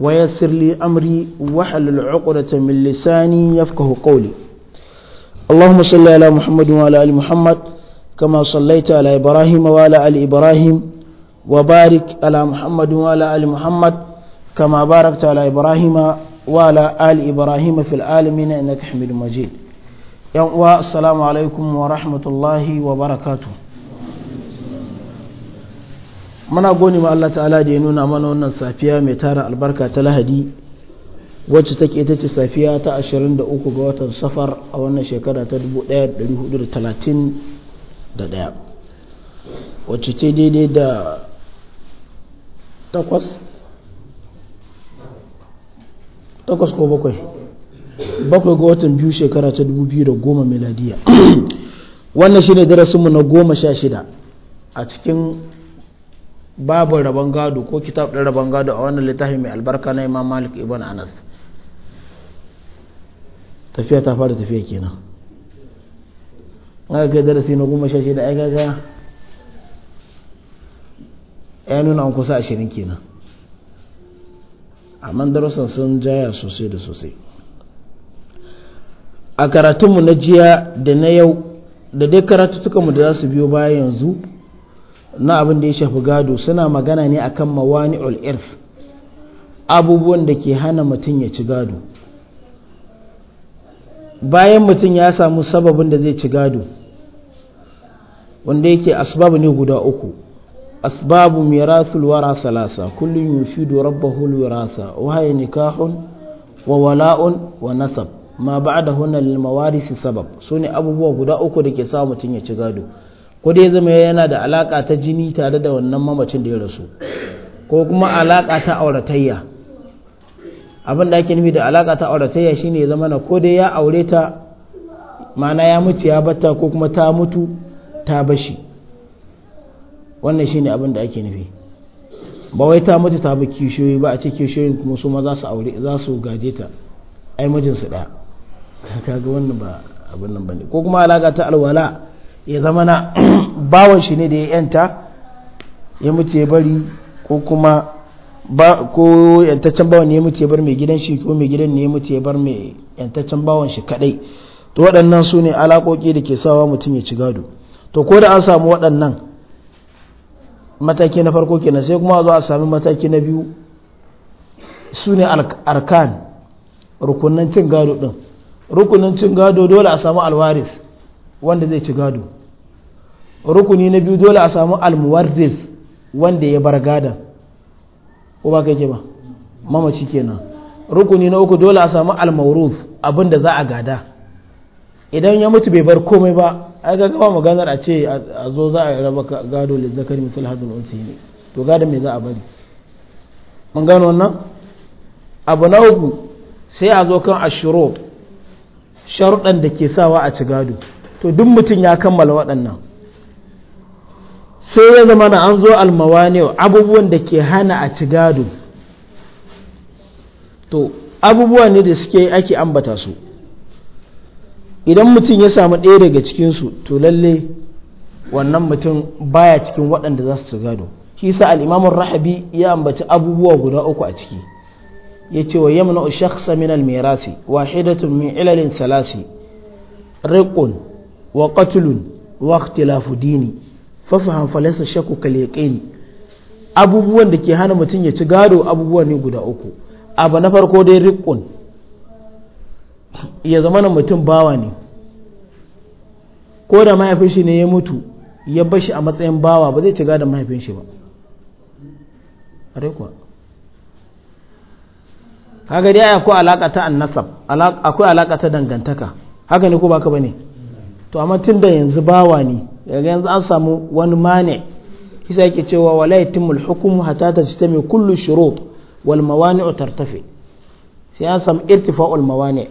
ويسر لي أمري وحل العقدة من لساني يفقه قولي اللهم صل على محمد وعلى آل محمد كما صليت على إبراهيم وعلى آل إبراهيم وبارك على محمد وعلى آل محمد كما باركت على إبراهيم وعلى آل إبراهيم في العالمين إنك حميد مجيد السلام عليكم ورحمة الله وبركاته muna goni ma Allah ta'ala da ya nuna mana wannan safiya mai tara albarka ta lahadi wacce take ita ce safiya ta 23 ga watan safar a wannan shekara ta 1431 wacce ce daidai da takwas takwas ko bakwai bakwai ga watan biyu shekara ta 2010 miladiya wannan shine darasinmu na goma sha shida a cikin babu rabon gado ko kitab ɗin rabon gado a wannan littafi mai albarka na imam malik ibn anas tafiya ta fara tafiya kenan aka kai darasi na goma sha shida aika ga ya nuna an kusa ashirin kenan amma darasan sun jaya sosai da sosai a karatunmu na jiya da na yau da dai karatuttukanmu da za su biyo baya yanzu na abin da ya shafi gado suna magana ne a mawani mawani'ul irth abubuwan da ke hana mutum ya ci gado bayan mutum ya samu sababin da zai ci gado wanda yake asbabu ne guda uku asbabu mirathul wara salasa kullum yufidu rabbahu lwirasa wa nikahun wa wala'un wa nasab ma ba'da hunna lil mawarisi sabab sune abubuwa guda uku da ke sa mutum ya ci gado ko dai zama yana da alaka ta jini tare da wannan mamacin da ya rasu ko kuma alaka ta auratayya abin da ake nufi da alaka ta auratayya shine ya zama na ko dai ya aure ta ma'ana ya mutu ya batta ko kuma ta mutu ta bashi wannan shine abin da ake nufi ba wai ta mutu ta bi kishiyoyi ba a ce kishoyin kuma su ma za su aure za su gaje ta ai mijinsu ɗaya kaga wannan ba abin nan bane ko kuma alaka ta alwala ya zama na bawan shi ne da ya yanta ya mutu ya bari ko kuma ba ko yantaccen bawan ne ya mutu ya bar mai gidan shi ko mai gidan ne ya mutu ya bar mai yantaccen bawan shi kadai to waɗannan su ne alaƙoƙi da ke sawa mutum ya ci gado to ko da an samu waɗannan mataki na farko kenan sai kuma zo a sami mataki na biyu su ne arkan rukunan cin gado ɗin rukunan cin gado dole a samu alwaris wanda zai ci gado rukuni na biyu dole a samu almuwarris wanda ya bar gada Uba kai ke ba mamaci kenan rukuni na uku dole a samu almauruf abin da za a gada idan ya mutu bai bar komai ba ai ga gaba maganar a ce a zo za a raba gado da zakari misal hazin unsi ne to gadon me za a bari mun gano wannan abu na uku sai a zo kan ashiro sharuɗan da ke sawa a ci gado to duk mutum ya kammala waɗannan sai ya zama da an zo almawani abubuwan da ke hana a ci gado to abubuwa ne da suke ake ambata su idan mutum ya samu ɗaya daga cikinsu to lalle wannan mutum baya cikin waɗanda za su ci gado shi sa al'imamun rahabi ya ambaci abubuwa guda uku a ciki ya ce wa yamna shakhsa min almirasi wahidatun min ilalin salasi riqun wa qatlun wa ikhtilafu dini fafahan falasa shakku kal abubuwan da ke hana mutum ya ci gado abubuwa ne guda uku abu na farko dai rikun. ya zama na mutum bawa ne ko da mahaifin shi ne ya mutu ya bar shi a matsayin bawa ba zai ci gado mahaifin shi ba haka dai akwai alaka ta annasab akwai alaka ta dangantaka haka ne ko baka ne? to amma tun da yanzu bawa ne daga yanzu an samu wani mane kisa yake cewa wala yatimul hukumu hatta tajtami kullu shurut wal mawani'u tartafi sai an samu irtifa'ul mawani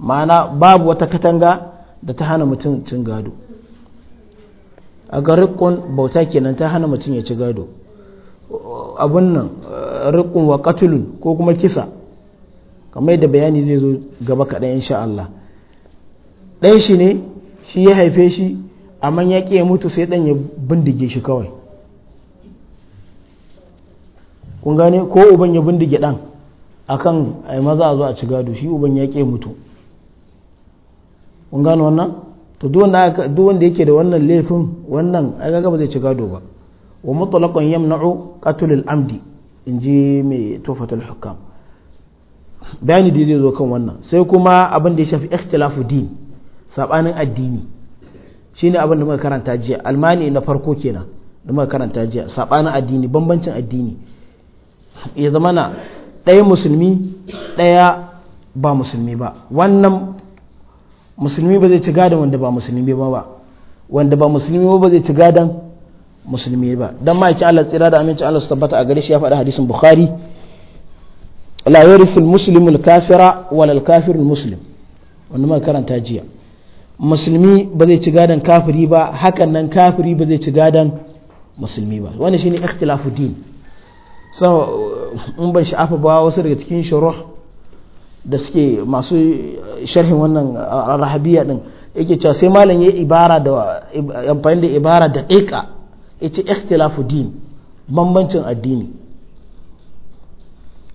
ma'ana babu wata katanga da ta hana mutum cin gado a ga riƙon bauta kenan ta hana mutum ya ci gado abun nan rikon wa katulun ko kuma kisa kamar yadda bayani zai zo gaba kaɗan insha Allah ɗan shi ne shi ya haife shi amma ya ƙi ya mutu sai ɗan ya bindige shi kawai kun gane ko uban ya bindige ɗan akan ai maza a zo a ci gado shi uban ya ƙi mutu kun gane wannan to duk wanda yake da wannan laifin wannan ai ga ba zai ci gado ba wa mutlaqan yamna'u qatlul amdi inji mai tufatul hukam bayani da zai zo kan wannan sai kuma abin da ya shafi ikhtilafu din sabanin addini shine abin da muka karanta jiya almani na farko kenan da muka karanta jiya saɓanin addini bambancin addini ya zama na ɗaya musulmi ɗaya ba musulmi ba wannan musulmi ba zai ci gadon wanda ba musulmi ba ba wanda ba musulmi ba zai ci gadon musulmi ba don ma yake Allah tsira da aminci Allah su tabbata a gare shi ya faɗi hadisin Bukhari la yarithu al-muslimu al-kafira wal al-kafiru al-muslim wanda muka karanta jiya musulmi ba zai ci gadon kafiri ba hakan nan kafiri ba zai ci gadon musulmi ba wani shine ikhtilafu din so in ban sha'afa ba wasu daga cikin shuruh da suke masu sharhin wannan rahabiya din yake cewa sai malam ya ibara da amfani da ibara da ɗiƙa yace ikhtilafu din bambancin addini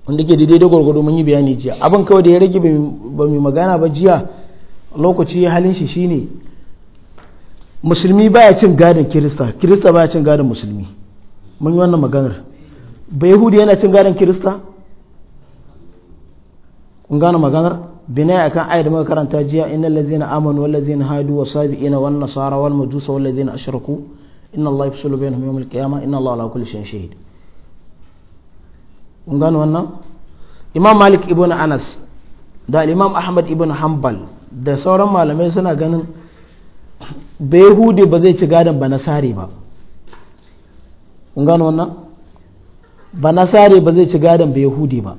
wanda ke daidai da gwargwado mun yi bayani jiya abin kawai da ya rage ba yi magana ba jiya lokaci halin shi shine musulmi baya cin gadon kirista kirista baya cin gadon musulmi mun yi wannan maganar ba yahudi yana cin gadon kirista kun gane maganar bina a kan da muka karanta jiya innal ladzina amanu wal ladzina hadu was sabiina wan nasara wal majusa wal ladzina ashraku inna allaha yafsulu bainahum yawm al qiyamah inna allaha ala kulli shay'in shahid kun gane wannan imam malik ibn anas da imam ahmad ibn hanbal da sauran malamai suna ganin hude ba zai ci gadon ba nasare ba kun gano wannan ba ba zai ci gadon hude ba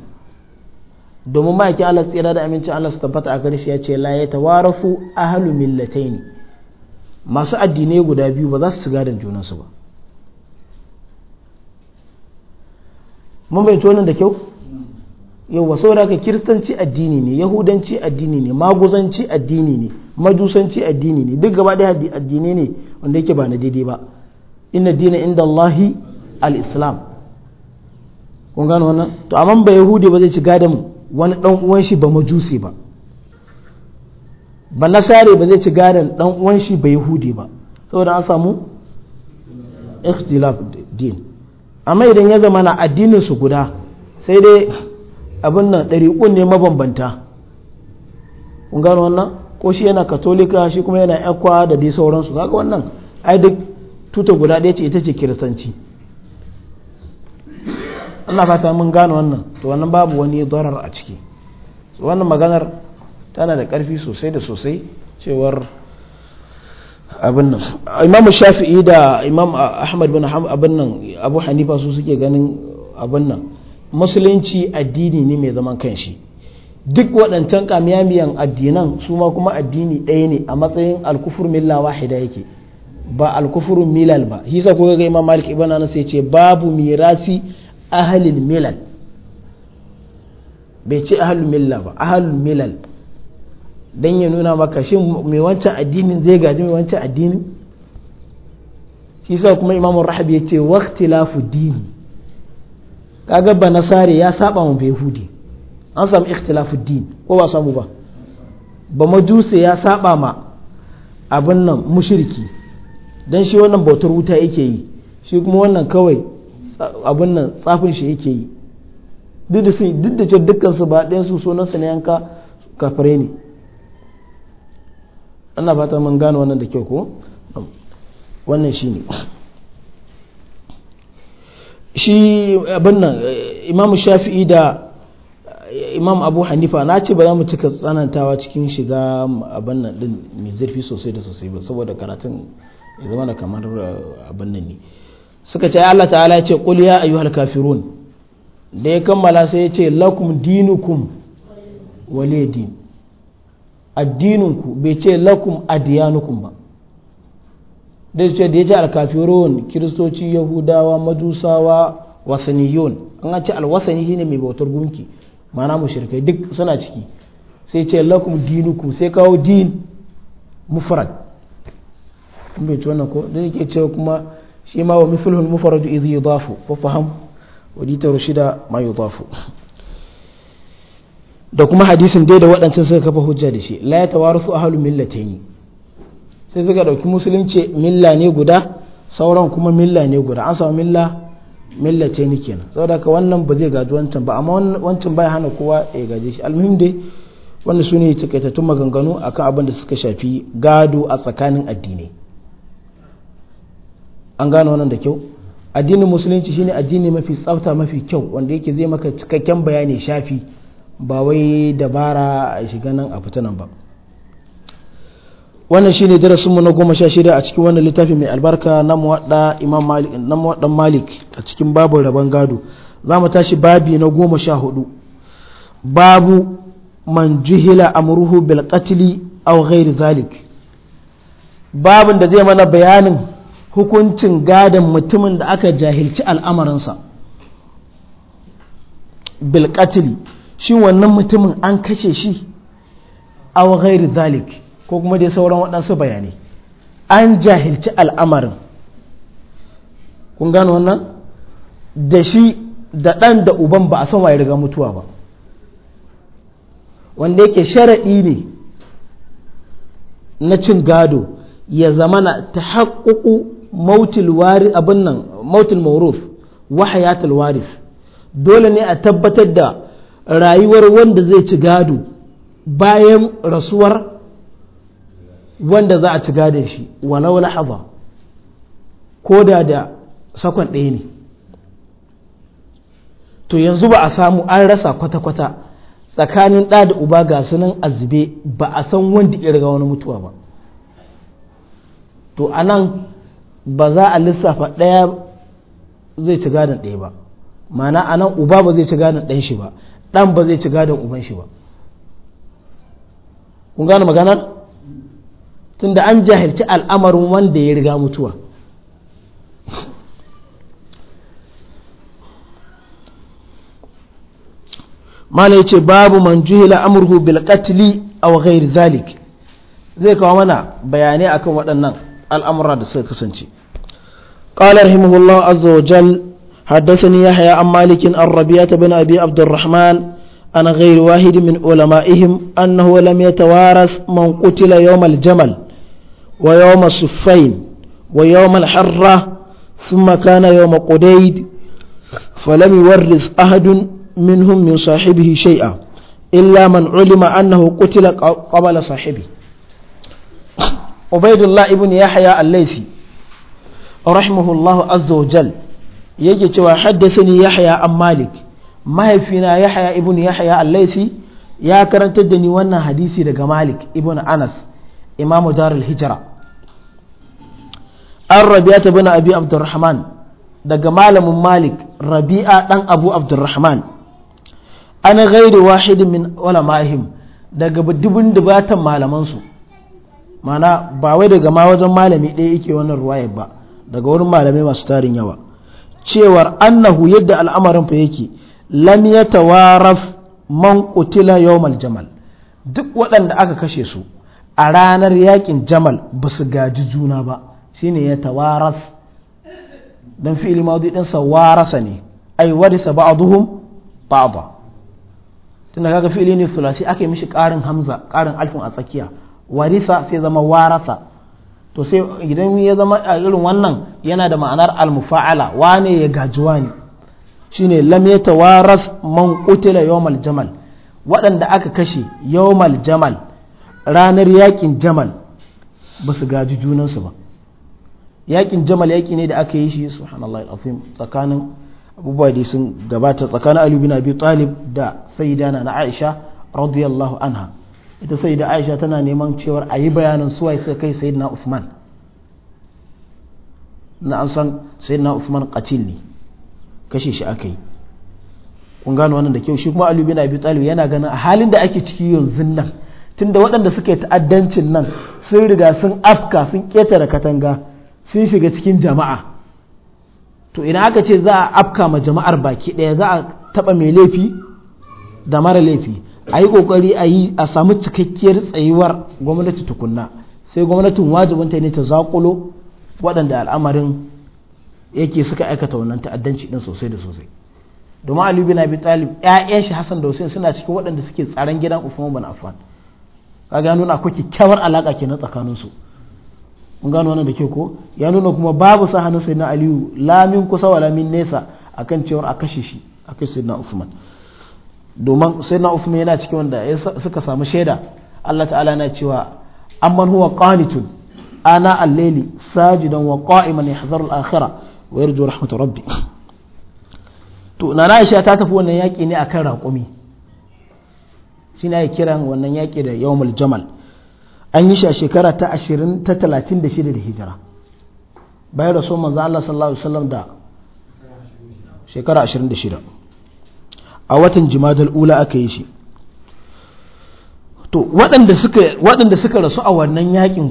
domin ma'aikin Allah tsira da amincin Allah su tabbata a karshe ya ce la ya tawarafu ahlu millataini masu addinai guda biyu ba za su ci gadon junansu ba mun bai tonin da kyau yauwa saboda ka kiristanci addini ne yahudanci addini ne maguzanci addini ne majusanci addini ne duk gaba ɗaya addini ne wanda yake ba na daidai ba inna dina inda Allahi al-islam kun gano wannan to amma ba yahudi ba zai ci mu wani dan uwan shi ba majusi ba ba nasare ba zai ci gada dan uwan shi ba yahudi ba saboda an samu ikhtilaf din amma idan ya zama na addinin su guda sai dai abin nan ɗariƙun ne mabambanta kun gano wannan ko shi yana katolika shi kuma yana yakwa da dai sauransu kaga wannan ai duk tuta guda ɗaya ce ita ce kiristanci Allah fata mun gano wannan to wannan babu wani darar a ciki wannan maganar tana da ƙarfi sosai da sosai cewar abin nan imamu shafi'i da imam ahmad bin abin nan abu hanifa su suke ganin abin nan musulunci addini ne mai zaman kanshi duk waɗancan kamiyamiyan addinan su ma kuma addini ɗaya ne a matsayin alkufur milla wahida yake ba alkufur milal ba shi sa kuka ga imam malik ibn anas ya ce babu mirasi ahalin milal bai ce ahalin milla ba ahalin milal dan ya nuna maka shi mai wancan addinin zai gaji mai wancan addinin shi sa kuma imam rahab ya ce waqtilafu dini kaga ba nasare ya saba mu yahudi an samu ikhtilafuddin din ko ba samu ba ba majuse ya saba ma abin nan mushriki dan shi wannan bautar wuta yake yi shi kuma wannan kawai abin nan tsafin shi yake yi duk da sun duk da dukkan su ba ɗayan su sunan sa ne yanka kafare ne ana fata mun gano wannan da kyau ko wannan shine shi abin nan imam shafi'i da imam abu hanifa na ce ba za mu cika tsanantawa cikin shiga abin nan din mai zurfi sosai da sosai ba saboda karatun ya zama da kamar eh, abin nan ne suka ce Allah ta'ala ya ce qul ya ayyuhal da ya kammala sai ya ce lakum dinukum wale din addininku bai ce lakum adiyanukum ba da ce da ya ce alkafirun kiristoci yahudawa majusawa wasaniyun an ce alwasani shine mai bautar gunki mana mushrikai duk suna ciki sai ce lakum dinukum sai kawo din mufrad kun bai wannan ko da yake cewa kuma shi ma wa mithluhul mufrad idh yudafu fa faham wa dita rushida ma yudafu da kuma hadisin dai da waɗancan suka kafa hujja da shi la yatawarathu ahlul millatayn sai suka ɗauki musulunci milla ne guda sauran kuma milla ne guda an samu milla milla ce ni kenan saboda ka wannan ba zai gaji wancan ba amma wancan bai hana kowa ya gaje shi almuhim dai wannan su ne takaitattun maganganu akan abin da suka shafi gado a tsakanin addinai an gano wannan da kyau addinin musulunci shine addini mafi tsafta mafi kyau wanda yake zai maka cikakken bayani shafi ba wai dabara a shiga nan a fita nan ba wannan shine darasinmu na goma sha shida a cikin wannan littafi mai albarka na muwadda imam malik na malik a cikin babu rabon gado za mu tashi babi na goma sha hudu babu man juhila amruhu bil qatli aw ghairi zalik babin da zai mana bayanin hukuncin gadon mutumin da aka jahilci al'amarinsa bil qatli shi wannan mutumin an kashe shi aw ghairi zalik ko kuma dai sauran waɗansu bayanai an jahilci al'amarin kun gano wannan da shi da ɗan da uban ba a san waye riga mutuwa ba wanda yake sharaɗi ne na cin gado ya zama na ta haƙuƙu nan mauruf wa hayatul waris dole ne a tabbatar da rayuwar wanda zai ci gado bayan rasuwar wanda za a ci gadon shi walau lahaza ko da da sakon ɗaya ne to yanzu ba a samu an rasa kwata-kwata tsakanin ɗa da uba ga sunan azube ba a san wanda ya riga wani mutuwa ba to a nan ba za a lissafa ɗaya zai ci gadon ɗaya ba mana a nan uba ba zai ci gadon ɗan shi ba ɗan ba zai ci gadon uban shi ba kun gane maganar tunda an jahilci al'amarin wanda ya riga mutuwa mala ya ce babu man juhila amurhu bil a aw zalik zai kawo mana bayanai akan waɗannan al'amura da suka kasance qala rahimahullah azza wa jal haddathani yahya an malik an ta bin abi abdurrahman an ghair wahid min ulama'ihim annahu lam yatawarath man qutila yawm jamal ويوم الصفين ويوم الحرة ثم كان يوم قديد فلم يورث أحد منهم من صاحبه شيئا إلا من علم أنه قتل قبل صاحبه عبيد الله ابن يحيى الليثي رحمه الله عز وجل yake cewa haddasani yahya an malik mahaifina yahya ibn yahya al-laisi ya karantar da ni wannan hadisi daga malik ibn anas imamu darul hijra an rabi'a ta bin abi abdurrahman daga malamin malik rabi'a dan abu abdurrahman an gairi wahidin min ulama'ihim daga dubin dubatan malamansu mana ba wai daga ma wajen malami ɗaya yake wannan ruwaya ba daga wurin malamai masu tarin yawa cewar annahu yadda al'amarin fa yake lam yatawaraf man qutila yawmal jamal duk waɗanda aka kashe su a ranar yakin jamal ba su gaji juna ba shine ya tawaras dan fi'il madi din sa warasa ne ay warisa ba'dhum ba'dha tunda kaga fi'ili ne sulasi ake mishi karin hamza karin alfin a tsakiya warisa sai zama warasa to sai idan ya zama a irin wannan yana da ma'anar almufa'ala wane ya gaji wani shine lam yatawaras man qutila yawmal jamal waɗanda aka kashe yawmal jamal ranar yakin jamal ba su gaji junansu ba yakin jamal yaki ne da aka yi shi subhanallahi alazim tsakanin abubuwa da sun gabata tsakanin Ali bin Abi Talib da sayyidana na Aisha radiyallahu anha ita sayyida Aisha tana neman cewar ayi bayanin suwaye suka kai sayyidina Uthman na an san sayyidina Uthman qatil ne kashe shi aka yi kun gano wannan da kyau shi kuma Ali bin Abi Talib yana ganin a halin da ake ciki yanzu nan tunda waɗanda suka yi ta'addancin nan sun riga sun afka sun ketare katanga sun shiga cikin jama'a to idan aka ce za a afka ma jama'ar baki ɗaya za a taɓa mai laifi da mara laifi a yi ƙoƙari a yi a samu cikakkiyar tsayuwar gwamnati tukunna sai gwamnatin wajibin ta ne ta zaƙulo waɗanda al'amarin yake suka aikata wannan ta'addanci ɗin sosai da sosai domin Ali bin Abi Talib ƴaƴan shi Hassan da Hussein suna cikin waɗanda suke tsaron gidan Uthman bin Affan kaga nuna akwai kyakkyawar alaka kenan tsakanin su mun gano wannan da ke ko ya nuna kuma babu sa hannun sayyidina aliyu lamin kusa wa lamin nesa akan cewar a kashe shi a kashe sayyidina usman domin sayyidina usman yana cikin wanda suka samu shaida Allah ta'ala na cewa amman huwa qanitun ana al-layli sajidan wa qa'iman yahzaru al-akhirah wa yarju rahmat rabbi to nana aisha ta tafi wannan yaki ne akan raƙumi shine ai kiran wannan yaki da yawmul jamal an yi shi a shekara ta ashirin ta 36 da hijira bayan rasul manzo Allah sallallahu alaihi wasallam da shekara 26 a watan jimadal ula aka yi shi to waɗanda suka waɗanda suka rasu a wannan yakin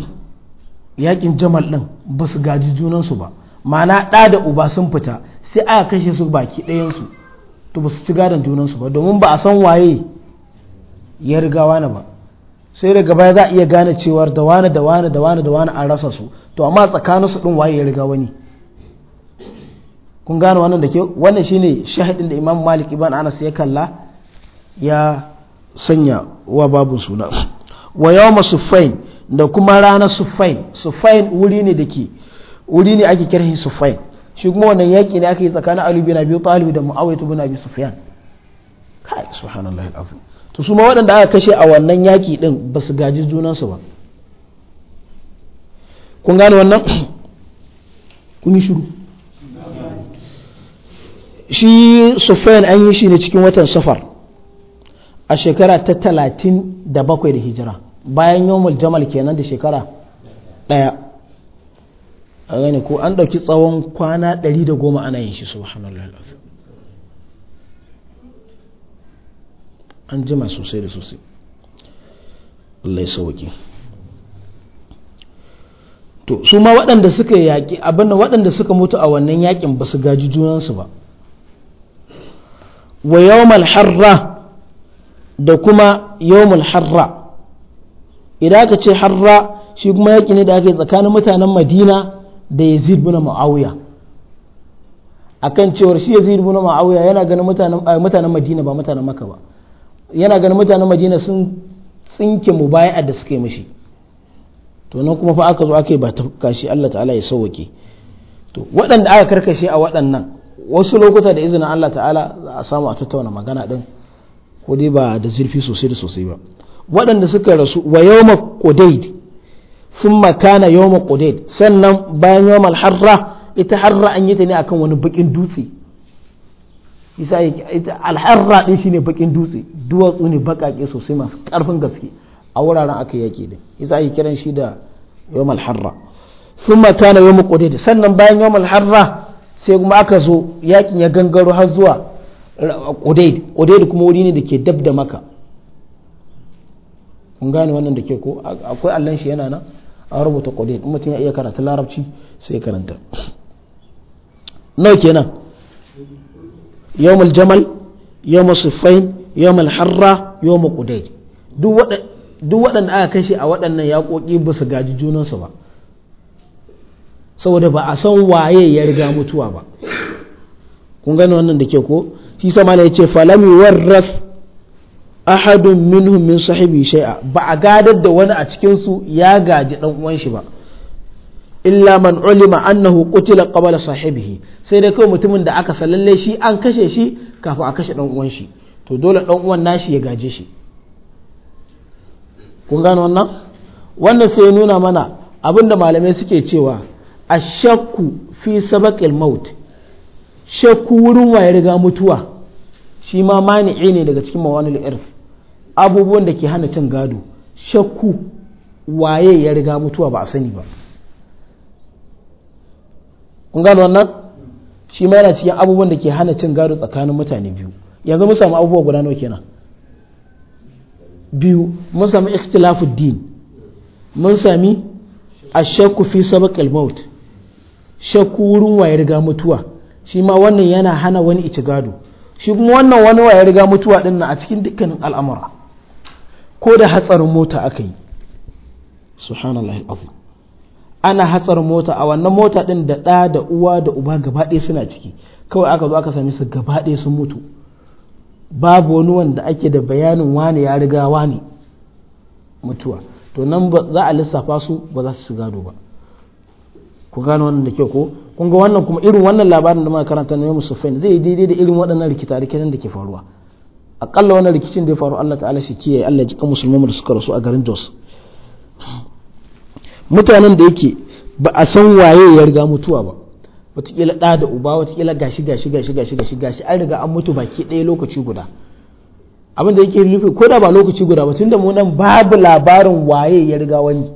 yakin jamal din ba su gaji junansu ba ma'ana ɗa da uba sun fita sai aka kashe su baki ɗayansu to ba su ci gadon junansu ba domin ba a san waye ya riga na ba sai daga baya za a iya gane cewar da wani da wani da wani da wani an rasa su to amma tsakanin su din waye ya riga wani kun gane wannan da ke wannan shine shahidin da Imam Malik ibn Anas ya kalla ya sanya wa babu suna wa yawma sufain da kuma rana sufain sufain wuri ne da ke wuri ne ake kirhin sufain shi kuma wannan yaki ne aka yi tsakanin alubi na biyu talibi da Muawiya bin Abi Sufyan kai subhanallahi alazim to su ma waɗanda aka kashe a wannan yaƙi ɗin ba su gaji junansu ba kun gane wannan kun yi shiru shi sufayan an yi shi ne cikin watan safar a shekara ta talatin da bakwai da hijira bayan yomul jamal kenan da shekara ɗaya a gane ko an ɗauki tsawon kwana ɗari da goma ana yin shi subhanallah an jima sosai da sosai Allah ya sauki to su ma waɗanda suka yaƙi abinda waɗanda suka mutu a wannan yaƙin ba su gaji junansu ba wa yawmal harra da kuma yawmal harra idan aka ce harra shi kuma yaƙi ne da aka yi tsakanin mutanen madina da yazid bin muawiya akan cewar shi yazid bin muawiya yana ganin mutanen eh, madina ba mutanen maka ba yana ganin mutanen madina sun tsinke mu baya da suka yi mashi to nan kuma fa aka zo aka yi ba ta kashi Allah ta'ala ya sauwake to waɗanda aka karkashe a waɗannan wasu lokuta da izinin Allah ta'ala za a samu a tattauna magana din ko dai ba da zurfi sosai da sosai ba waɗanda suka rasu wa yawma qudayd thumma kana yawma qudayd sannan bayan yawmal harra ita harra an yi ta ne akan wani bakin dutse isa alharra din ne bakin dutse duwatsu ne bakake sosai masu karfin gaske a wuraren aka yake din isa yi kiran shi da sun mata na kana yawmul da sannan bayan yawmal alharra sai kuma aka zo yakin ya gangaro har zuwa eh, qudayd da kuma wuri ne da ke dab da maka kun gane wannan da ke ko akwai allon shi yana nan a rubuta qudayd in mutum ya iya karanta larabci sai karanta nawa kenan yawmul jamal yawmul siffain yawmul harra yawmul qudai duk waɗanda aka kashe a waɗannan yaƙoƙi ba su gaji junansu ba saboda ba a san waye ya riga mutuwa ba kun gani wannan da ke ko shi sama ya ce falam warraf ahadun minhum min sahibi shay'a ba a gadar da wani a cikin su ya gaji dan uwanshi ba illa man ulima annahu qutila qabla sahibihi sai dai kawai mutumin da aka sallalle shi an kashe shi kafin a kashe dan uwan shi to dole dan uwan nashi ya gaje shi kun gano wannan wannan sai ya nuna mana abinda malamai suke cewa ashakku fi sabaqil maut shakku wurin waye riga mutuwa shi ma mani'i ne daga cikin mawanul irf abubuwan da ke hana cin gado shakku waye ya riga mutuwa ba a sani ba kun gano wannan shi ma yana cikin abubuwan da ke hana cin gado tsakanin mutane biyu yanzu mun samu abubuwa guda nawa kenan biyu mun samu ikhtilafu din mun sami ashakku fi sabaqil maut shakku wurin waye riga mutuwa shi ma wannan yana hana wani ici gado shi kuma wannan wani waye riga mutuwa din na a cikin dukkanin al'amura ko da hatsarin mota aka yi subhanallahi alazim ana hatsar mota a wannan mota din da ɗa da uwa da uba gaba ɗaya suna ciki kawai aka zo aka same su gaba ɗaya sun mutu babu wani wanda ake da bayanin wani ya riga wani mutuwa to nan za a lissafa su ba za su shiga gado ba ku gano wannan da kyau ko kun ga wannan kuma irin wannan labarin da muka karanta na Yusuf Fain zai daidai da irin waɗannan rikita rikitan da ke faruwa akalla wannan rikicin da ya faru Allah ta'ala shi kiyaye Allah ya jika musulmai da suka rasu a garin Jos mutanen da yake ba a san waye ya riga mutuwa ba wataƙila ɗa da uba wataƙila gashi gashi gashi gashi gashi gashi an riga an mutu baki ɗaya lokaci guda abin da yake nufi ko da ba lokaci guda ba tunda mu nan babu labarin waye ya riga wani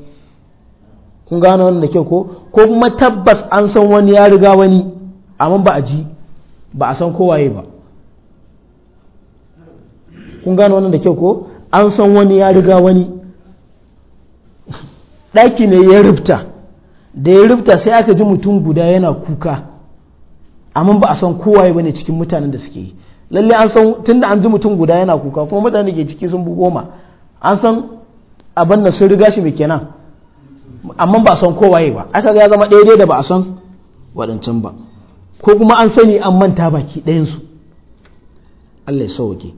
kun gano wannan da kyau ko ko kuma tabbas an san wani ya riga wani amma ba a ji ba a san ko waye ba kun gano wannan da kyau ko an san wani ya riga wani ɗaki ne ya rufta da ya rufta sai aka ji mutum guda yana kuka amma ba a san kowaye bane cikin mutanen da suke yi lalle an san tunda an ji mutum guda yana kuka kuma mutane ke ciki sun bu goma an san abin da sun riga shi mai kenan amma ba a san kowaye ba aka ga ya zama daidai da ba a san waɗancan ba ko kuma an sani an manta baki ɗayansu Allah ya sauke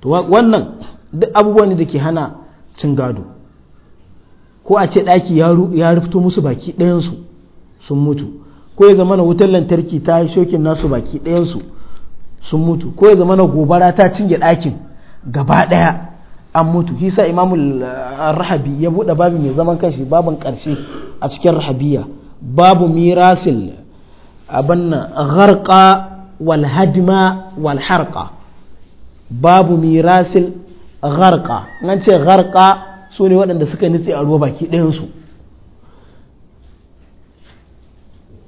to wannan duk abubuwan da ke hana cin gado ko a ce ɗaki ya rufto musu baki ɗayansu sun mutu ko ya zama na wutar lantarki ta shokin nasu baki ɗayansu sun mutu ko ya zama na gobara ta cinye ɗakin gaba ɗaya an mutu hisa imamul ah, rahabi ya buɗe babu mai zaman kanshi babin ƙarshe a cikin rahabiya babu mirasil abin nan gharqa wal hadma wal harqa babu mirasil gharqa nan ce gharqa su ne waɗanda suka nitse a ruwa baki ɗayansu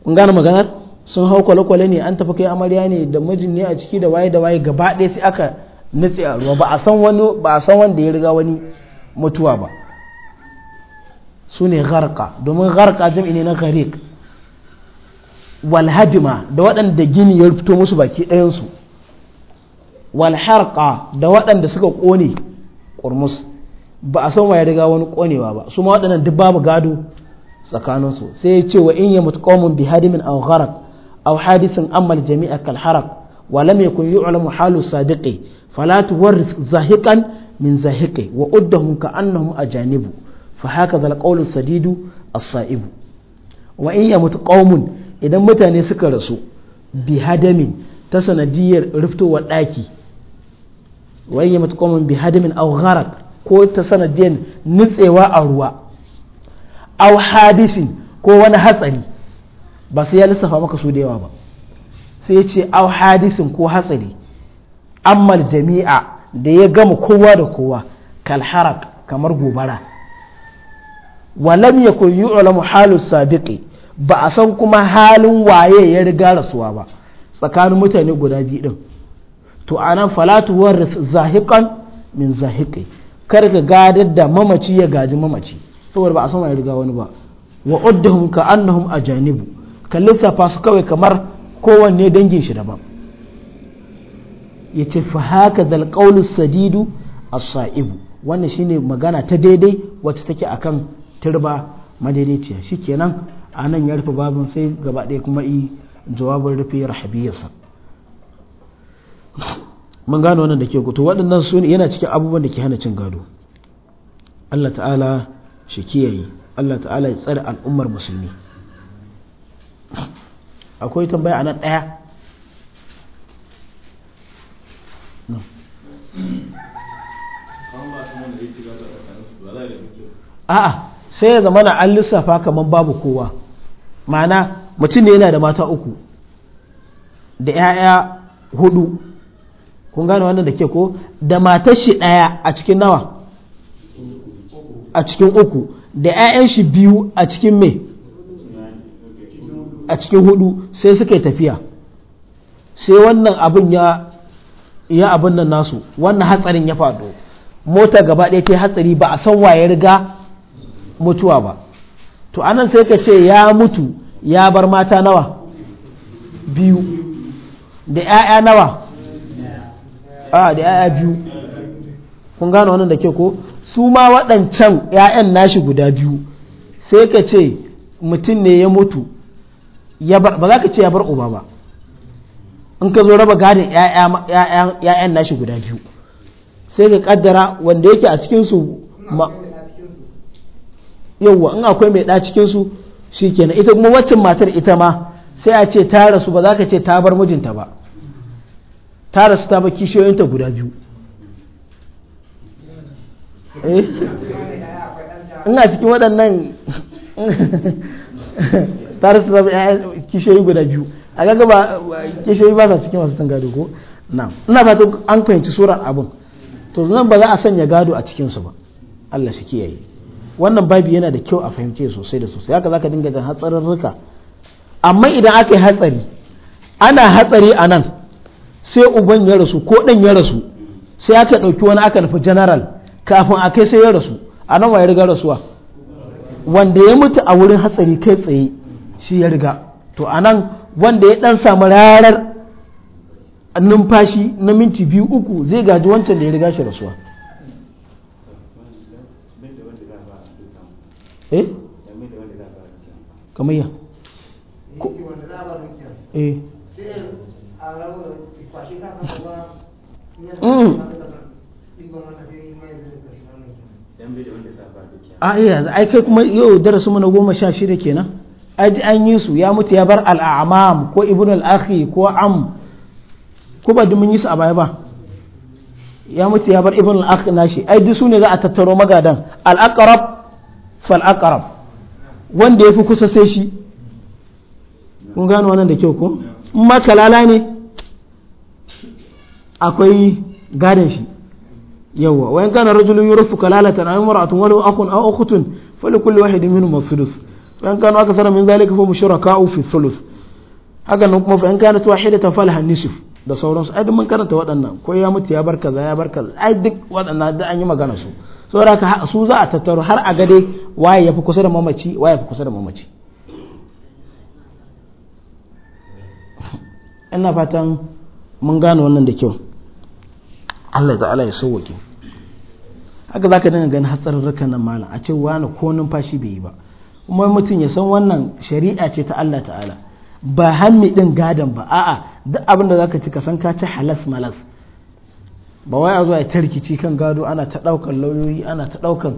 kun gane maganar sun hau kwale-kwale ne an tafi kai amarya ne da mijin ne a ciki da waye da waye gaba ɗaya sai aka nitse a ruwa ba a san wani ba a san wanda ya riga wani mutuwa ba su ne gharka domin gharka jami'i ne na gharik walhadima da waɗanda gini ya fito musu baki ɗayansu walharka da waɗanda suka ƙone ƙurmus ba a san waye riga wani konewa ba su ma waɗannan duk babu gado tsakaninsu sai ya ce wa in ya mutu bi hadimin aw gharq aw hadithin amal jami'a kal harak wa lam yakun yu'lamu halu sabiqi fala tuwarris zahiqan min zahiqi wa uddahum ka annahum ajanibu fa haka al qawlu sadidu as-sa'ibu wa in ya mutu qaumun idan mutane suka rasu bi hadamin ta sanadiyar riftowar daki wa in ya mutu bi hadamin aw gharq ko ta sanadiyar nutsewa a ruwa au hadisin ko wani hatsari ba sai ya lissafa maka su da yawa ba sai ya ce au hadisin ko hatsari ammal jami'a da ya gama kowa da kowa kalharak kamar gobara walam yi ulamu halin sabiƙi ba a san kuma halin waye ya riga rasuwa ba tsakanin mutane guda biyu din to anan falatu warris zahiqan min zahiqi kar ka gadar da mamaci ya gaji mamaci saboda ba a san ya riga wani ba wa uddahum ka annahum ajanibu ka lissafa su kawai kamar kowanne dangin shi daban yace fa haka zal qawlu sadidu as-sa'ibu wannan shine magana ta daidai wacce take akan turba madaidaiciya shikenan anan ya rufe babin sai gaba ɗaya kuma i jawabin rufe rahabiyarsa mun gano wannan da ke to waɗannan su yana cikin abubuwan da ke hana cin gado Allah ta'ala shi kiyaye Allah ta'ala ya tsare al'ummar musulmi akwai tambaya a nan ɗaya a'a sai ya zama na an lissafa kamar babu kowa ma'ana mutum ne yana da mata uku da 'ya'ya hudu kun gane wannan da ke ko da matashi ɗaya a cikin nawa a cikin uku da 'ya'yan shi biyu a cikin me a cikin hudu sai suka yi tafiya sai wannan abin ya ya abin nan nasu wannan hatsarin ya faɗo mota gaba ɗaya ta hatsari ba a san waye riga mutuwa ba to anan sai ka ce ya mutu ya bar mata nawa biyu da 'ya'ya nawa a da ya'ya biyu kun gano wannan da ke ko su ma waɗancan ya'yan nashi guda biyu sai ka ce mutum ne ya mutu ba za ka ce ya bar uba ba in ka zo raba gadin ya'yan nashi guda biyu sai ka kaddara wanda yake a cikinsu yauwa in akwai mai ɗa cikinsu shi kenan ita kuma waccan matar ita ma sai a ce ta rasu ba za ka ce ta bar mijinta ba ta rasu ta ba kishiyoyinta guda biyu eh? ina cikin waɗannan ta rasu ta ba kishiyoyi guda biyu a gaga ba kishiyoyi ba sa cikin masu san gado ko na ina fata an fahimci tsoron abin to nan ba za a sanya gado a cikinsu ba Allah shi kiyaye wannan babi yana da kyau a fahimce sosai da sosai haka zaka dinga jan hatsarurruka amma idan aka yi hatsari ana hatsari a nan sai uban ya rasu ko ɗan ya rasu sai aka ɗauki wani aka nufi general kafin a kai sai ya rasu a nan ya riga rasuwa wanda ya mutu a wurin hatsari kai tsaye shi ya riga to a nan wanda ya ɗan samu rarar numfashi na minti biyu uku zai gaji wancan da ya riga shi rasuwa eh kamar ya Mm. a ah, iya ai kai kuma yau darasu mana goma sha shida kenan ai an yi su ya mutu ya bar al'amam ko ibn al ko am ko ba mun yi su a baya ba ya mutu ya bar ibn al-akhi nashi ai duk ne za a tattaro magadan al-aqrab fal aqrab wanda fi kusa sai shi kun gano wannan da kyau ko makalala ne akwai gadon shi yawa wa in kana rajulun yurfu kalalatan aw imra'atun wa akhun aw ukhtun fa li kulli wahidin minhum as-sudus wa in kana akthara min zalika fa mushraka'u fi thuluth haka nan kuma fa in kanat fa laha nisf da sauransu ai duk mun karanta waɗannan ko ya mutu ya barka za ya barka ai duk waɗannan da an yi magana su saboda haka su za a tattaro har a gade waye yafi kusa da mamaci waye yafi kusa da mamaci ina fatan mun gane wannan da kyau Allah ta'ala ya sauwake haka zaka ka dinga ganin rukan nan malam a ce wani ko numfashi bai yi ba kuma mutum ya san wannan shari'a ce ta Allah ta'ala ba hammi din gadon ba a'a duk abin da zaka ci ka san ka ci halas malas ba wai a zo a tarkici kan gado ana ta daukan lauyoyi ana ta daukan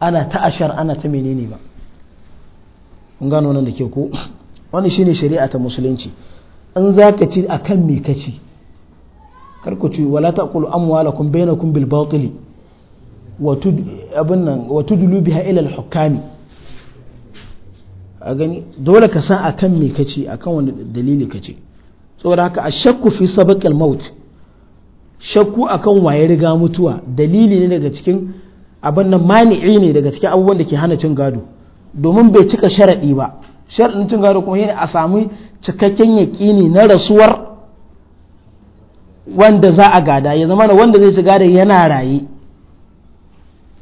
ana ta ashar ana ta menene ba kun gano nan da ke ko wani shine shari'a ta musulunci in zaka ci akan me ka ci kar ku ci wala taqulu amwalakum bainakum bil batili wa tud abin nan wa tudlu biha ila al hukami a gani dole ka san akan me kace akan wani dalili kace saboda haka ashakku fi sabaq maut shakku akan waye riga mutuwa dalili ne daga cikin abin nan mani'i ne daga cikin abubuwan da ke hana cin gado domin bai cika sharaɗi ba sharaɗin cin gado kuma yana a samu cikakken yaƙini na rasuwar wanda za a gada ya zama da wanda zai ci gada yana raye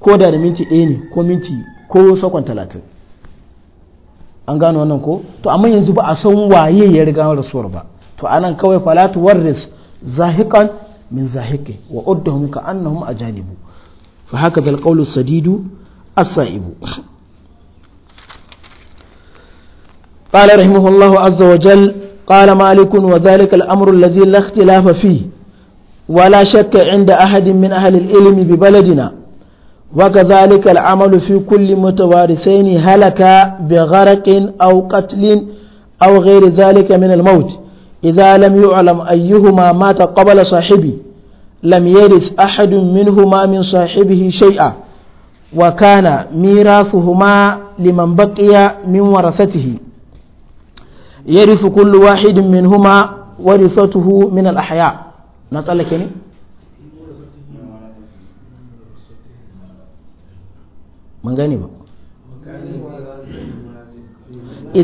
ko da da minti ɗaya ne ko minti ko sakon talatin an gano wannan ko to amma yanzu ba a san waye ya riga rasuwar ba to anan kawai falatu warris zahiqan min zahiqi wa uddahum ka annahum ajanibu fa haka bil qawlu sadidu as-sa'ibu قال rahimahullahu azza wa وجل قال مالك وذلك الأمر الذي لا اختلاف فيه ولا شك عند أحد من أهل العلم ببلدنا وكذلك العمل في كل متوارثين هلك بغرق أو قتل أو غير ذلك من الموت إذا لم يعلم أيهما مات قبل صاحبه لم يرث أحد منهما من صاحبه شيئا وكان ميراثهما لمن بقي من ورثته yarifu kullu wahidin min huma warithatuhu min al-ahya na tsallake ne mun gani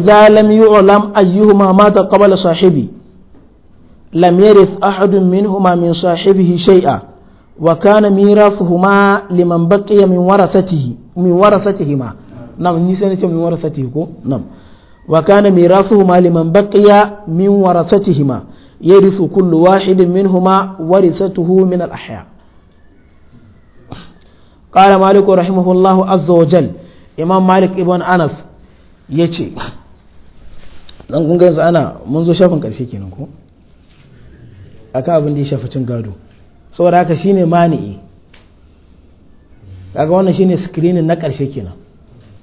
ba lam yu'lam ayyuhuma mata qabla sahibi lam yarith ahadun minhuma min sahibihi shay'a wa kana mirathuhuma liman baqiya min warathatihi min warathatihima nam ni sene ce min warathatihi wa kana mirasuhuma liman baqiya min warasatihima يرث min huma منهما ورثته من الأحياء قال مالك رحمه الله عز وجل إمام مالك ابن anas يتي dan kun gansu ana mun zo shafin karshe kenan ko akan abin da ya shafi cin gado saboda haka shine mani'i kaga wannan shine screening na karshe kenan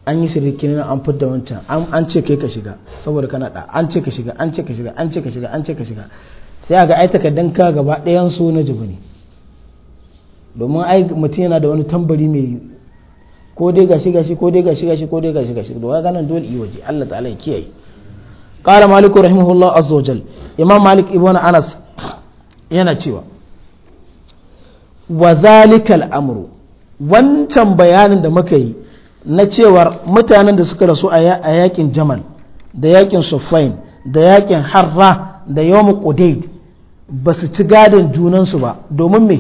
an yi shirki nan an fudda wancan an ce kai ka shiga saboda kana da an ce ka shiga an ce ka shiga an ce ka shiga an ce ka shiga sai ga ai takaddan ka gaba ɗayan su na jibini domin ai mutum yana da wani tambari mai ko dai gashi gashi ko dai gashi gashi ko dai gashi gashi da wa ganin dole yi waje Allah ta'ala ya kiyaye qala maliku rahimahullah azza wajal imam malik ibnu anas yana cewa wa zalikal amru wancan bayanin da muka yi na cewar mutanen da suka rasu a yakin jamal da yakin sufain da yakin harra da yawon kudai ba su ci gadon junansu ba domin me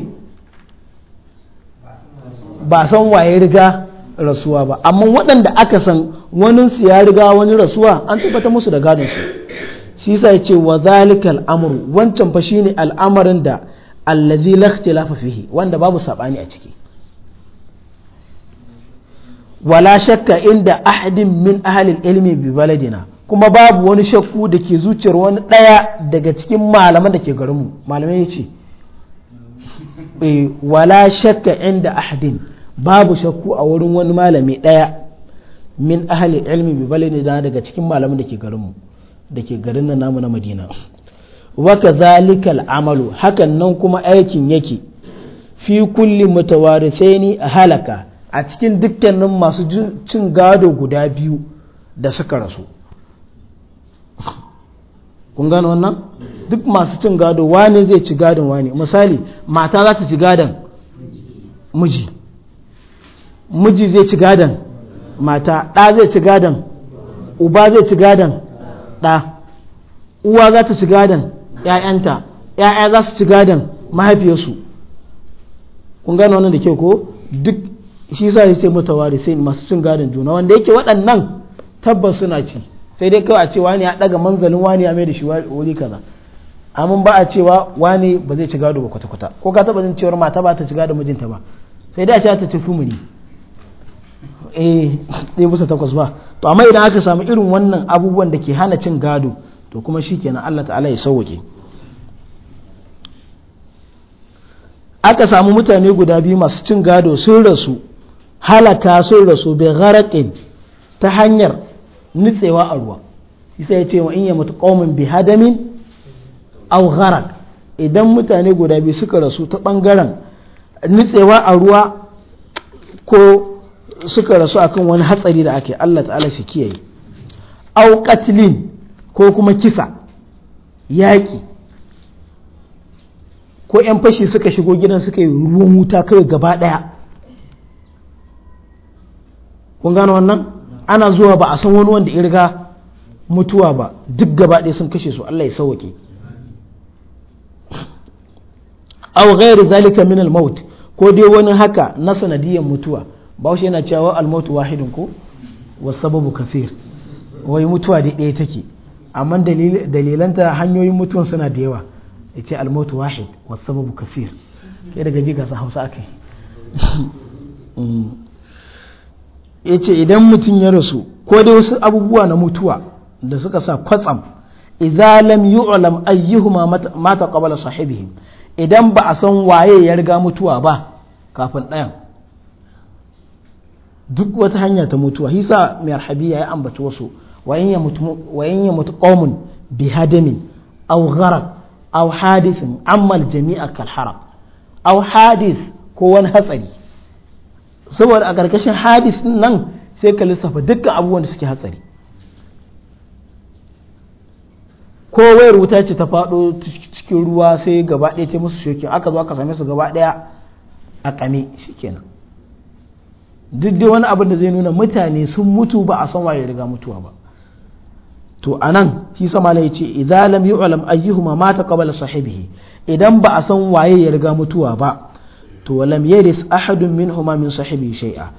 ba san waye riga rasuwa ba amma waɗanda aka san waninsu ya riga wani rasuwa an tabbata musu da gadonsu shi sa ya ce wa zalika al'amuru wancan fa ne al'amarin da allazi la wanda babu saɓani a ciki wala shakka inda ahadin min ahalil ilmi bi baladina kuma babu wani shakku da ke zuciyar wani ɗaya daga cikin malaman da ke garinmu malamai ya ce eh, wala shakka inda ahadin babu shakku a wurin wani malami ɗaya min ahalil ilmi bi baladina daga cikin malaman da ke garinmu da ke garin nan namu na madina waka zalika al'amalu hakan nan kuma aikin yake fi kulli a halaka a cikin dukkanin masu cin gado guda biyu da suka rasu kun gano wannan duk masu cin gado wani zai ci gadon wani misali mata za ta ci gadon miji miji zai ci gadon mata ɗa zai ci gadon uba zai ci gadon ɗa uwa za ta ci gadon ‘ya'yanta ‘ya'ya za su ci gadon mahaifiyarsu kun gano wannan da ke ko duk shi sa ya ce mutawarisin masu cin gadon juna wanda yake waɗannan tabbas suna ci sai dai kawai a ce wani ya ɗaga manzalin wani ya mai da shi wuri kaza amma ba a cewa wani ba zai ci gado ba kwata-kwata ko ka taɓa jin cewar mata ba ta ci gado mijinta ba sai dai a ce ta ci fumuni eh ɗaya bisa takwas ba to amma idan aka samu irin wannan abubuwan da ke hana cin gado to kuma shi kenan Allah ta'ala ya sauke aka samu mutane guda biyu masu cin gado sun rasu halaka sun rasu bi gharaqin ta hanyar nitsewa a ruwa isa ya ce wa in mutu qaumin bi hadamin aw gharaq idan mutane guda biyu suka rasu ta bangaren nitsewa a ruwa ko suka rasu akan wani hatsari da ake Allah ta'ala shi kiyaye aw qatlin ko kuma kisa yaƙi ko 'yan fashi suka shigo gidan suka yi ruwan wuta kawai gaba ɗaya kun gano wannan ana zuwa ba a san wani wanda ya riga mutuwa ba duk gaba ɗaya sun kashe su Allah ya sauke aw ghairi zalika min al maut ko dai wani haka na sanadiyar mutuwa ba shi yana cewa al maut wahidun ko wa sababu kaseer wai mutuwa dai ɗaya take amma dalilanta hanyoyin mutuwan suna da yawa yace al maut wahid wa sababu kaseer kai daga ji ga hausa akai ya ce idan mutum ya rasu ko dai wasu abubuwa na mutuwa da suka sa kwatsam idza lam yu'lam ayyuhuma mata qabala sahibihim idan ba a san waye ya riga mutuwa ba kafin ɗayan duk wata hanya ta mutuwa hisa mai arhabi ya ambaci wasu wayan ya mutu ƙomun bi hadamin aw gharaq aw hadithin amma jami'a kal haraq aw hadith ko wani hatsari saboda a ƙarƙashin hadis nan sai ka lissafa dukkan abubuwan da suke hatsari ko wayar wuta ce ta faɗo cikin ruwa sai gaba ɗaya ta musu shekin aka zo aka same su gaba ɗaya a ƙame kenan duk dai wani abin da zai nuna mutane sun mutu ba a san waye riga mutuwa ba to anan shi sama ya ce idan lam yu'lam ayyuhuma mata qabala sahibihi idan ba a san waye ya riga mutuwa ba to walam yaris ahadun huma min sahibi shay'a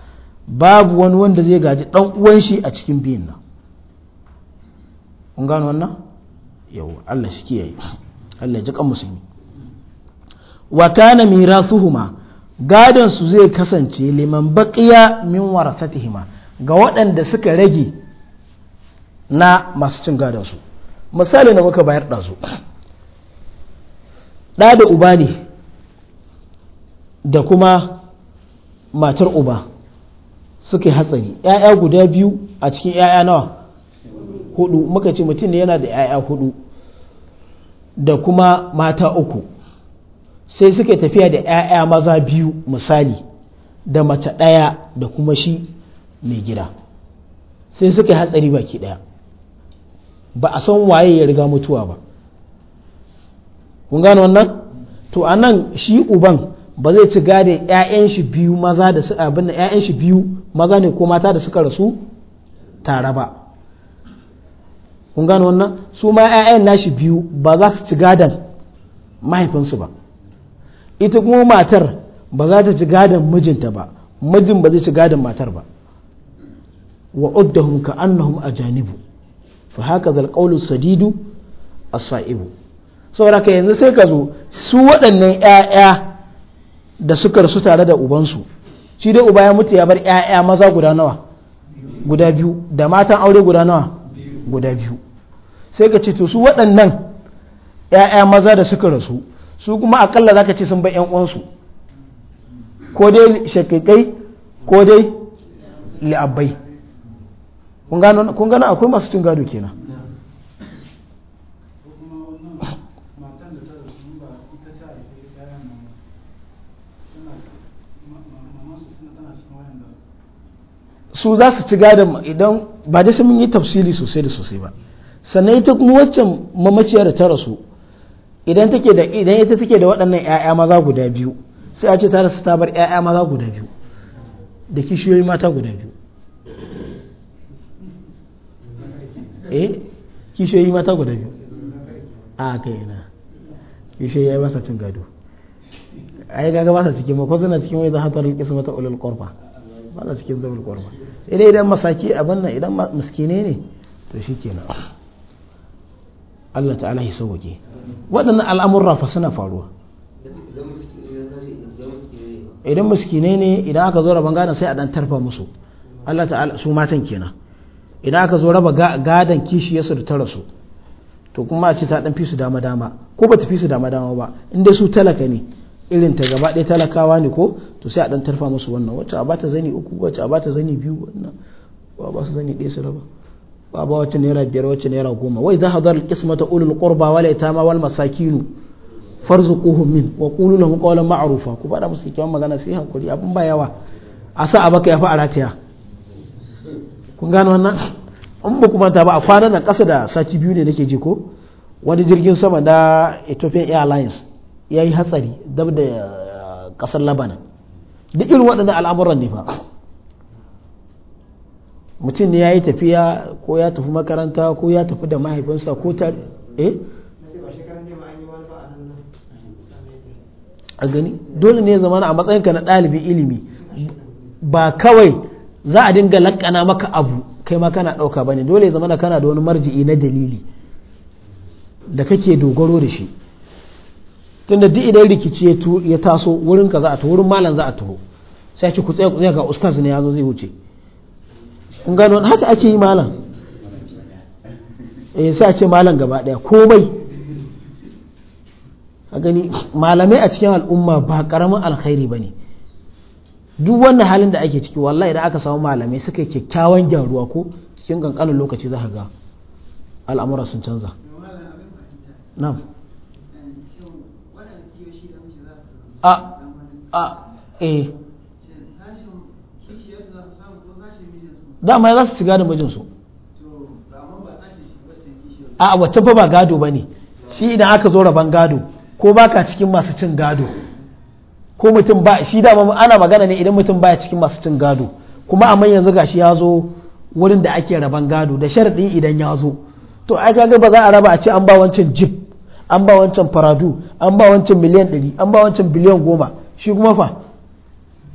babu wani wanda zai gaji dan uwan shi a cikin biyun nan kun gano wannan yau Allah shi kiyaye Allah ji kan musulmi wa kana mirathuhuma gadon su zai kasance liman baqiya min warasatihima ga waɗanda suka rage na masu cin gadon su misali na muka bayar ɗazu ɗa da uba ne da kuma matar uba suka hatsari ‘ya'ya guda biyu a cikin ‘ya'ya nawa hudu muka ce mutum ne yana da ‘ya'ya hudu da kuma mata uku sai suka tafiya da ‘ya'ya maza biyu misali da mace ɗaya da kuma shi mai gida sai suka hatsari baki ɗaya ba a san waye ya riga mutuwa ba kun gane wannan to a nan shi uban ba zai ci gadin 'ya'yan shi biyu maza da su abin ƴaƴan shi biyu maza ne ko mata da suka rasu tare ba kun gano wannan su ma 'ya'yan nashi biyu ba za su ci gadon mahaifinsu ba ita kuma matar ba za ta ci gadon mijinta ba mijin ba zai ci gadon matar ba wa uddahum ka annahum ajanibu fa haka zal sadidu as-sa'ibu saboda ka yanzu sai ka zo su waɗannan 'ya'ya da suka rasu tare da ubansu shi dai uba ya mutu ya bar 'ya'ya maza guda nawa guda biyu da matan aure guda nawa guda biyu sai ka ce to su waɗannan 'ya'ya maza da suka rasu su kuma akalla za ka ce sun bar 'yan uwansu ko dai shakikai ko dai li'abbai kun gano akwai masu cin gado kenan su za su ci gadon idan ba da mun yi tafsiri sosai da sosai ba sannan ita kuma waccan mamaciyar ta rasu idan take da idan ita take da waɗannan ƴaƴa maza guda biyu sai a ce ta rasu ta bar ƴaƴa maza guda biyu da kishiyoyi mata guda biyu eh kishiyoyi mata guda biyu a kai na kishiyoyi ya ba cin gado ai gaga ba sa cikin ba ko suna cikin wai za hatar kismata ulul qurba wanda suke cikin zawul sai dai idan masaki abin nan idan muskine ne to shi nan Allah ta'ala ya sauke waɗannan al'amurra fa suna faruwa idan muskine ne idan aka zo rabon gadon sai a dan tarfa musu Allah ta'ala su matan kenan idan aka zo raba gadon kishi yasu da tara su to kuma a ce ta dan fi su dama dama ko ba ta fi su dama dama ba inda su talaka ne irin ta gaba ɗaya talakawa ne ko to sai a dan tarfa musu wannan wacce a bata zani uku wacce a bata zani biyu wannan ba ba su zani ɗaya su raba ba ba wacce naira biyar wacce naira goma wai za hadar qismata ulul qurba wal yatama wal masakinu farzuquhum min wa qulu lahum qawlan ma'rufa ku fada musu kiyan magana sai hankuri abin ba yawa a sa a baka ya fa a rataya kun gano wannan in ba ku manta ba a kwana na kasa da sati biyu ne nake ji ko wani jirgin sama da Ethiopian Airlines ya yi hatsari dab da kasar eh, Lebanon da irin waɗannan al'amuran ne fa mutum ne ya yi tafiya ko ya tafi makaranta ko ya tafi da mahaifinsa ko ta eh a gani dole ne zamana a matsayinka na ɗalibin ilimi ba kawai za a dinga lakana maka abu kai ma kana ɗauka ba ne dole zamana kana da wani marji'i na dalili da kake dogaro da shi tunda duk idan rikici ya taso wurin ka za a taho wurin malam za a taho sai ce ku tsaye ku ga ustaz ne ya zo zai wuce kun gano haka ake yi malam eh sai a ce malam gaba daya komai a gani malamai a cikin al'umma ba karamin alkhairi bane duk wannan halin da ake ciki wallahi idan aka samu malamai suka yi kyakkyawan gyaruwa ko cikin kankanin lokaci za ka ga al'amura sun canza na'am a a eh dama za su ci gado mijinsu a wacce fa ba gado ba ne shi idan aka zo rabon gado ko ba ka cikin masu cin gado ko mutum ba shi dama ana magana ne idan mutum baya cikin masu cin gado kuma amma yanzu shi ya zo wurin da ake raban gado da sharaɗi idan ya zo to ai kaga ba za a raba a ce an ba wancan jib an ba wancan faradu an ba wancan miliyan ɗari an ba wancan biliyan goma shi kuma fa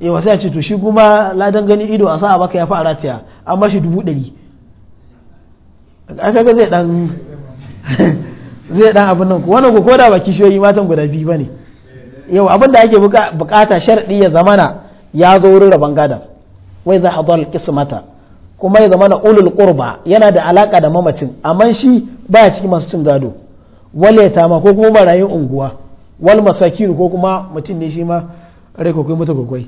yawa sai ce to shi kuma ladan gani ido a sa'a baka ya fi aratiya an ba dubu ɗari aka ga zai dan abin nan wani ko da ba kishiyoyi matan guda biyu ba ne yau abin da ake bukata sharaɗi ya zamana ya zo wurin rabon gada wai za a zuwa kismata kuma ya zamana ulul qurba yana da alaka da mamacin amma shi baya cikin masu cin gado wale ma ko kuma barayin unguwa wal masakiru ko kuma mutum ne shi ma rai kokwai mata kokwai.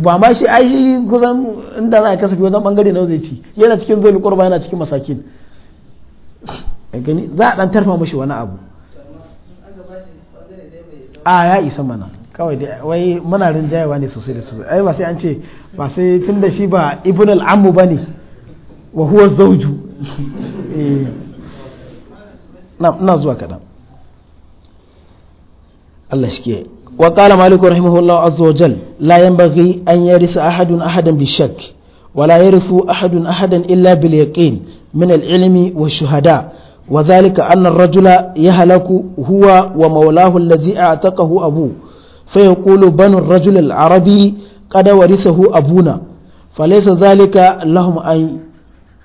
ba ma shi ai kusan inda za a kasafi wajen bangare na zai ci yana cikin zoli kurba yana cikin masakin gani za a dan tarfa mashi wani abu a ya isa mana kawai da wai muna rinjayewa ne sosai da sosai ai ba sai an ce ba sai tun da shi ba ibn al'amu ba ne wa huwa zauju eh. na zuwa kaɗan Allah shi ke wa qala malik rahimahullah azza wa jal la yanbaghi an yarisa ahadun ahadan bi shakk wa la yarifu ahadun ahadan illa bil yaqin min al ilmi wa shuhada wa dhalika anna ar-rajula yahlaku huwa wa mawlahu alladhi a'taqahu abu fa yaqulu banu ar-rajul al-arabi qad warisahu abuna falaysa dhalika lahum an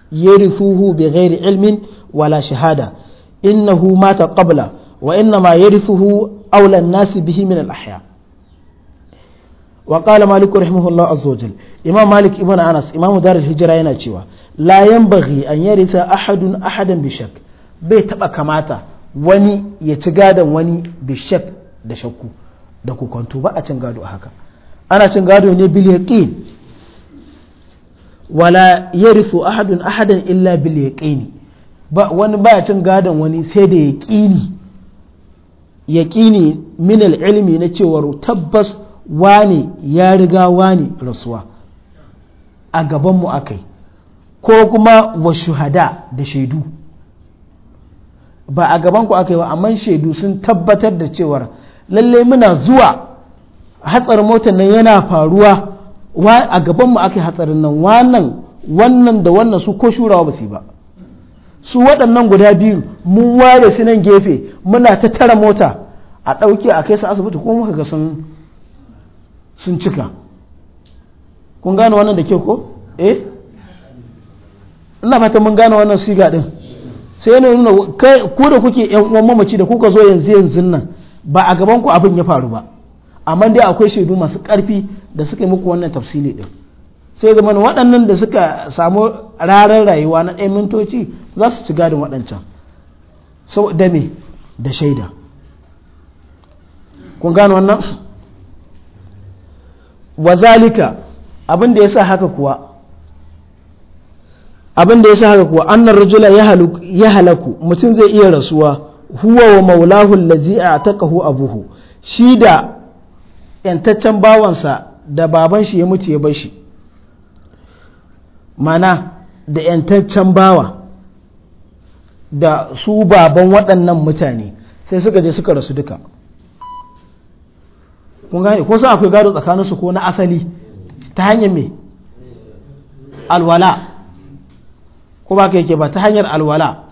يرثوه ilmin wala shahada innahu mata مات wa innama يرثه أولى الناس به من الأحياء وقال مالك رحمه الله عز وجل إمام مالك ابن أنس إمام دار الهجرة يناتشوا لا ينبغي أن يرث أحد أحدا بشك بيت كماتا wani ya ci gadon wani bishak da shakku da kokonto ba a cin gado a haka ana cin gado ne bil yaqin wala yarithu ahadun ahadan illa bil yaqini ba wani ba cin gadon wani sai da yaqini yaƙini min ilmi na cewar tabbas wani ya riga wani rasuwa a gabanmu akai ko kuma wa shuhada da shaidu ba a gabanku aka kai ba amma shaidu sun tabbatar da cewar lallai muna zuwa hatsarin motar nan yana faruwa a gabanmu a kai hatsarin nan wannan wannan da wannan su ko shurawa ba su ba su waɗannan guda biyu mun ware su nan gefe muna ta tara mota a ɗauki a kai su asibiti ko muka ga sun cika kun gane wannan da kyau ko eh ina fata mun gane wannan siga din sai yana nuna ku da kuke yan uwan mamaci da kuka zo yanzu yanzu nan ba a gaban ku abin ya faru ba amma dai akwai shaidu masu ƙarfi da suka yi muku wannan tafsili ɗin. sai zama waɗannan da suka samu rarar rayuwa na ɗaya mintoci za su ci gadin waɗancan sau da da shaida kun gano wannan wa zalika abin ya sa haka kuwa abin da ya haka kuwa annan rajula ya halaku mutum zai iya rasuwa huwa wa maulahu lazi a takahu abuhu shi da yantaccen bawansa da baban shi ya mutu ya bashi. shi mana da ‘yantaccen bawa da su baban waɗannan mutane sai suka je suka rasu duka kun gane ko sun akwai gado tsakaninsu ko na asali ta hanyar mai alwala ko ba ka yake ba ta hanyar alwala